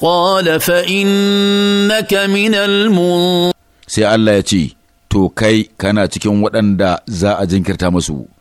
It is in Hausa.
قال فإنك من المن sai Allah ya ce, To kai kana cikin waɗanda za a jinkirta masu.